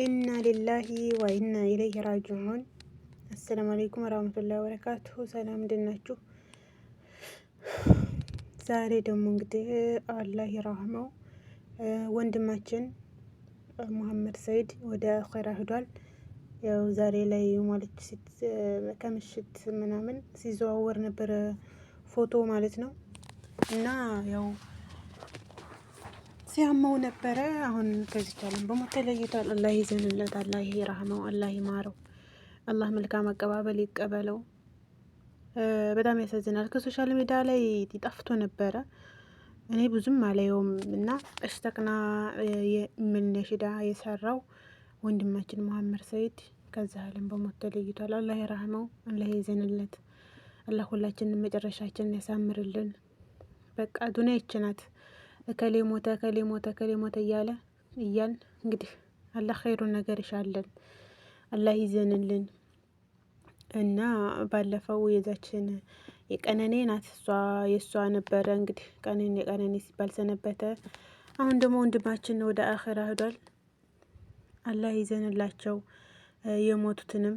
ኢና ሊላሂ ወኢና ኢለይሂ ራጂዑን። አሰላሙ አለይኩም ወራህመቱላሂ ወበረካቱሁ። ሰላም እንደምን ዛሬ ደግሞ እንግዲህ አላህ ይራህመው ወንድማችን ሙሀመድ ሰይድ ወደ ኸይራ ሂዷል። ያው ዛሬ ላይ ማለት ከምሽት ምናምን ሲዘዋወር ነበረ ፎቶ ማለት ነው እና ያው ሲያመው ነበረ። አሁን ከዚች ዓለም በሞት ተለይቷል። አላህ ይዘንለት፣ አላህ ይራህመው፣ አላህ ይማረው፣ አላህ መልካም አቀባበል ይቀበለው። በጣም ያሳዝናል። ከሶሻል ሚዲያ ላይ ጠፍቶ ነበረ። እኔ ብዙም አላየውም እና እስተቅና የምነሽዳ የሰራው ወንድማችን መሀመድ ሰይድ ከዛ ዓለም በሞት ተለይቷል። አላህ ይራህመው፣ አላህ ይዘንለት፣ አላህ ሁላችንን መጨረሻችንን ያሳምርልን። በቃ ዱንያ ይችናት። እከሌ ሞተ፣ እከሌ ሞተ፣ እከሌ ሞተ እያለ እያል እንግዲህ አላህ ኸይሩን ነገር ይሻለን፣ አላህ ይዘንልን እና ባለፈው የዛችን የቀነኔ ናት እሷ የእሷ ነበረ እንግዲህ ቀነኔ ቀነኔ ሲባል ሰነበተ። አሁን ደግሞ ወንድማችን ወደ አኸራ ሂዷል። አላህ ይዘንላቸው የሞቱትንም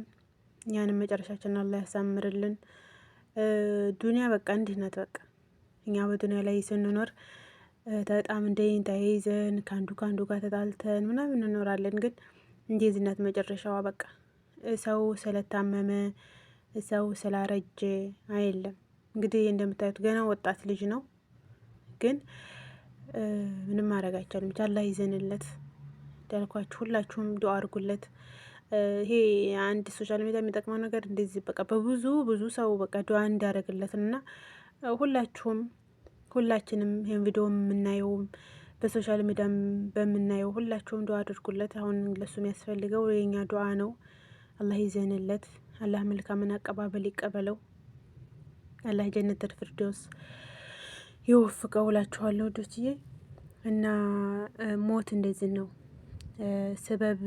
ያንም መጨረሻችን አላህ ያሳምርልን። ዱንያ በቃ እንዲህ ናት። በቃ እኛ በዱንያ ላይ ስንኖር ተጣም እንደይን ተያይዘን ከአንዱ ከአንዱ ጋር ተጣልተን ምናምን እንኖራለን። ግን እንደዚህ ዝነት መጨረሻዋ። በቃ ሰው ስለታመመ ሰው ስላረጀ አይደለም። እንግዲህ እንደምታዩት ገና ወጣት ልጅ ነው፣ ግን ምንም ማድረግ አይቻልም። ብቻ አላህ ይዘንለት እንዳልኳችሁ፣ ሁላችሁም ዱ አድርጉለት። ይሄ አንድ ሶሻል ሚዲያ የሚጠቅመው ነገር እንደዚህ በቃ በብዙ ብዙ ሰው በቃ ዱአ እንዳደረግለት እና ሁላችሁም ሁላችንም ይህን ቪዲዮ የምናየው በሶሻል ሚዲያ በምናየው ሁላችሁም ዱዓ አድርጉለት። አሁን ለሱ የሚያስፈልገው የኛ ዱዓ ነው። አላህ ይዘንለት። አላህ መልካምን አቀባበል ይቀበለው። አላህ ጀነተል ፊርደውስ ይወፍቀው። እላችኋለሁ ዶችዬ እና ሞት እንደዚህ ነው። ስበብ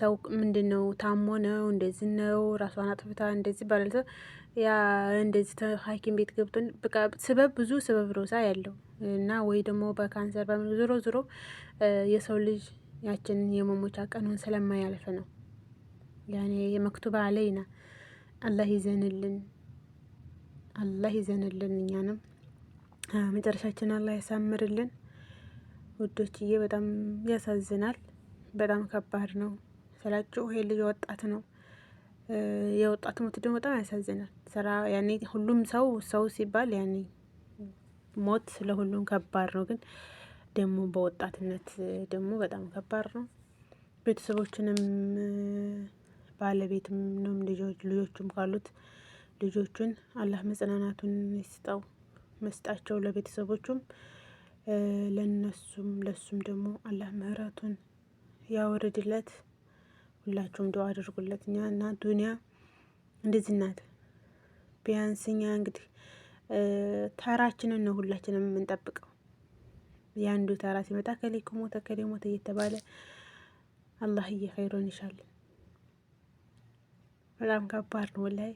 ሰው ምንድን ነው ታሞ ነው እንደዚህ ነው ራሷን አጥፍታ እንደዚህ ሰው ያ እንደዚህ ሐኪም ቤት ገብቶ በቃ ስበብ ብዙ ስበብ ሮዛ ያለው እና ወይ ደግሞ በካንሰር በምን ዞሮ ዞሮ የሰው ልጅ ያችን የመሞቻ ቀኑን ስለማያልፍ ነው። ያኔ የመክቱባ አለይና አላህ ይዘንልን፣ አላህ ይዘንልን እኛንም መጨረሻችን አላህ ያሳምርልን። ውዶችዬ በጣም ያሳዝናል። በጣም ከባድ ነው ስላችሁ ይሄ ልጅ ወጣት ነው። የወጣት ሞት ደግሞ በጣም ያሳዝናል። ስራ ያኔ ሁሉም ሰው ሰው ሲባል ያኔ ሞት ለሁሉም ከባድ ነው፣ ግን ደግሞ በወጣትነት ደግሞ በጣም ከባድ ነው። ቤተሰቦችንም ባለቤትም ልጆች ልጆቹም ካሉት ልጆቹን አላህ መጽናናቱን ይስጠው መስጣቸው ለቤተሰቦቹም እሱም ለሱም ደግሞ አላህ ምህረቱን ያወርድለት። ሁላችሁም ዱዓ አድርጉለት። እኛ እና ዱኒያ እንደዚህ ናት። ቢያንስ እኛ እንግዲህ ተራችንን ነው ሁላችንም የምንጠብቀው። የአንዱ ተራ ሲመጣ ከሌ ከሞተ ከሌ ሞተ እየተባለ አላህዬ ኸይሮን ይሻልን። በጣም ከባድ ነው ላይ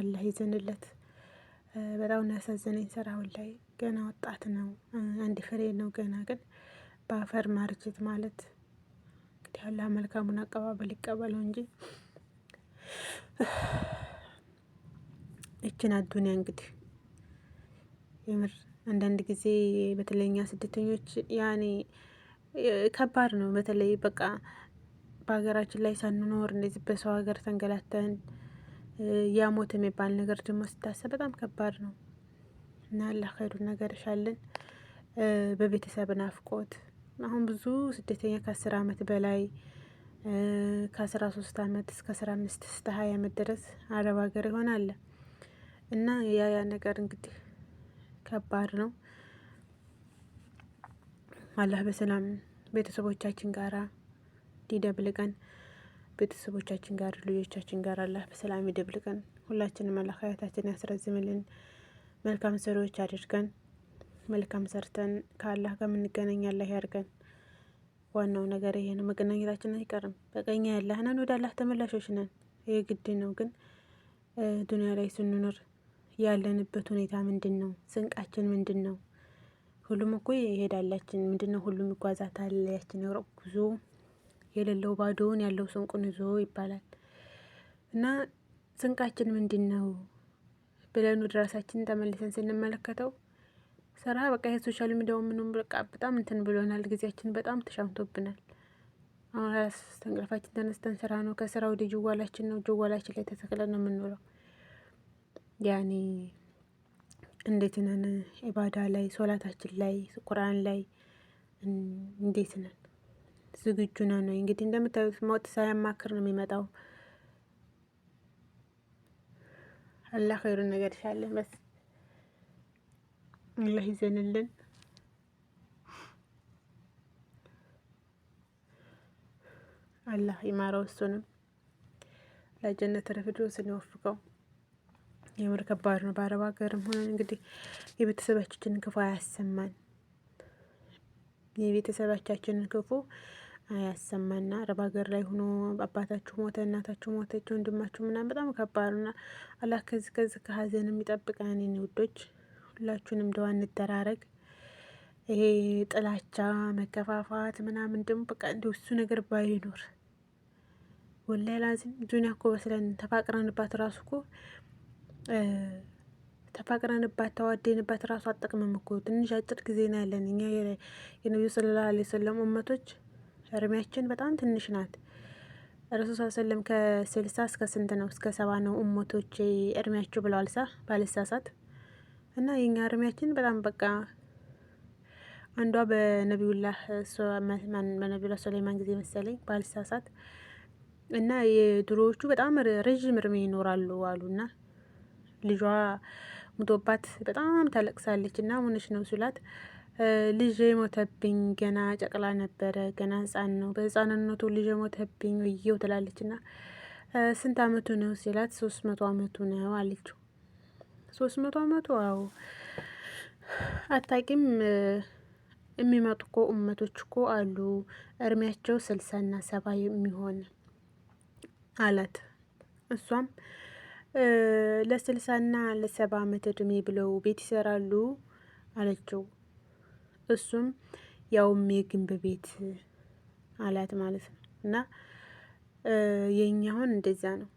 አላህ ይዘንለት። በጣም እናሳዘነኝ ስራ አሁን ላይ ገና ወጣት ነው፣ አንድ ፍሬ ነው ገና። ግን በአፈር ማርጀት ማለት እንግዲህ አላህ መልካሙን አቀባበል ይቀበለው እንጂ እችን አዱኒያ እንግዲህ የምር አንዳንድ ጊዜ በተለይኛ ስደተኞች ያኔ ከባድ ነው። በተለይ በቃ በሀገራችን ላይ ሳንኖር እንደዚህ በሰው ሀገር ተንገላተን ያ ሞት የሚባል ነገር ደግሞ ሲታሰብ በጣም ከባድ ነው እና አላህ ነገር ይሻልን። በቤተሰብ ናፍቆት አሁን ብዙ ስደተኛ ከአስር አመት በላይ ከአስራ ሶስት አመት እስከ አስራ አምስት እስከ ሀያ አመት ድረስ አረብ ሀገር ይሆናል እና ያ ያ ነገር እንግዲህ ከባድ ነው። አላህ በሰላም ቤተሰቦቻችን ጋራ ዲደብልቀን ቤተሰቦቻችን ጋር ልጆቻችን ጋር አላህ በሰላም ይደብልቀን። ሁላችንም አላህ ሀያታችን ያስረዝምልን። መልካም ሰሪዎች አድርገን መልካም ሰርተን ከአላህ ጋር የምንገናኝ አላህ ያድርገን። ዋናው ነገር ይሄ ነው። መገናኘታችን አይቀርም። በቀኛ ያላህ ነን፣ ወደ አላህ ተመላሾች ነን። ይህ ግድ ነው። ግን ዱኒያ ላይ ስንኖር ያለንበት ሁኔታ ምንድን ነው? ስንቃችን ምንድን ነው? ሁሉም እኮ ይሄዳላችን ምንድን ነው? ሁሉም ይጓዛታል። ያችን ጉዞ የሌለው ባዶውን ያለው ስንቁን ይዞ ይባላል እና ስንቃችን ምንድን ነው ብለን ወደ ራሳችን ተመልሰን ስንመለከተው ስራ በቃ የሶሻል ሚዲያው ምንም በቃ በጣም እንትን ብሎናል። ጊዜያችን በጣም ተሻምቶብናል። አሁን ራስ ተንቅልፋችን ተነስተን ስራ ነው። ከስራ ወደ ጅዋላችን ነው። ጅዋላችን ላይ ተተክለን ነው የምንውለው። ያኔ እንዴት ነን? ኢባዳ ላይ ሶላታችን ላይ ቁርአን ላይ እንዴት ነን? ዝግጁ ነው ነው። እንግዲህ እንደምታዩት ሞት ሳያማክር ነው የሚመጣው። አላህ ኸይሩን ነገር ይሻለን። በስ አላህ ይዘንልን። አላህ ይማረው። እሱንም ለጀነት ረፍዶ ስንወፍቀው የምር ከባድ ነው። በአረብ ሀገርም ሆነ እንግዲህ የቤተሰባችንን ክፉ አያሰማን። የቤተሰባቻችንን ክፉ ያሰማና አረብ ሀገር ላይ ሆኖ አባታችሁ ሞተ፣ እናታችሁ ሞተች፣ ወንድማችሁ ምናምን በጣም ከባድ ነው። አላህ ከዚህ ከዚህ ከሀዘን የሚጠብቀን የኔ ውዶች። ሁላችሁንም ደዋ እንደራረግ። ይሄ ጥላቻ፣ መከፋፋት ምናምን ደግሞ በቃ እንዲ እሱ ነገር ባይኖር ወላይ ላዚም ዱኒያ እኮ በስለን ተፋቅረንባት ራሱ እኮ ተፋቅረንባት ተዋደንባት ራሱ አጠቅመም እኮ ትንሽ አጭር ጊዜ ነው ያለን እኛ የነቢዩ ሰለላሁ ዐለይሂ ወሰለም እመቶች እድሜያችን በጣም ትንሽ ናት። ረሱል ሰለም ከስልሳ እስከ ስንት ነው? እስከ ሰባ ነው እሞቶች እድሜያችሁ ብለዋል። ሳ ባልሳሳት እና የኛ እድሜያችን በጣም በቃ አንዷ በነቢዩላህ በነቢዩላህ ሱሌማን ጊዜ መሰለኝ ባልሳሳት እና የድሮዎቹ በጣም ረዥም እድሜ ይኖራሉ አሉና ልጇ ሙቶባት በጣም ታለቅሳለች እና ሙንሽ ነው ሱላት ልጅ ሞተብኝ ገና ጨቅላ ነበረ ገና ህፃን ነው በህፃንነቱ ልጅ ሞተብኝ ውየው ትላለች ና ስንት አመቱ ነው ሲላት ሶስት መቶ አመቱ ነው አለችው ሶስት መቶ አመቱ አዎ አታቂም የሚመጡ እኮ እመቶች እኮ አሉ እድሜያቸው ና ሰባ የሚሆን አላት እሷም ለስልሳና ለሰባ አመት እድሜ ብለው ቤት ይሰራሉ አለችው እሱም ያውም የግንብ ቤት አላት ማለት ነው። እና የኛውን እንደዛ ነው።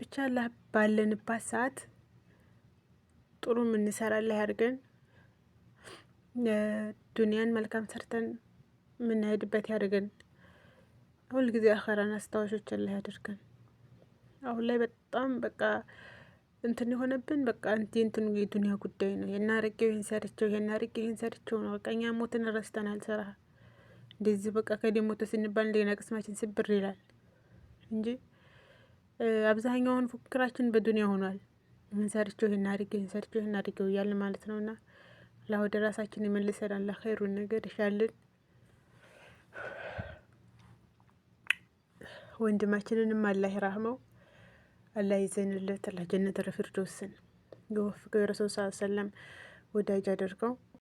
ብቻ አላህ ባለንባት ሰዓት ጥሩ ላይ አድርገን ዱንያን መልካም ሰርተን የምንሄድበት ያድርገን። ሁልጊዜ አኸራን አስታዋሾች አላህ ያደርገን። አሁን ላይ በጣም በቃ እንትን የሆነብን በቃ እንትን የዱኒያ ጉዳይ ነው። የናርጌው ይህን ሰርቸው የናርጌው ይህን ሰርቸው ነው። በቃ እኛ ሞትን ረስተናል። ስራ እንደዚህ በቃ ከደም ሞተ ስንባል እንደገና ቅስማችን ስብር ይላል እንጂ አብዛኛውን ፉክክራችን በዱኒያ ሆኗል። ይህን ሰርቸው ይህን አድርገው ይህን ሰርቸው ይህን አድርገው እያለ ማለት ነው። እና አላህ ወደ ራሳችን ይመልሰናል። ኸይሩን ነገር ይሻልን። ወንድማችንንም አላህ ይራህመው። አላህ ይዘንለት፣ አላህ ጀነት ረፊርዶስን የወፍቀው የረሱል ሰለም ወዳጅ አድርገው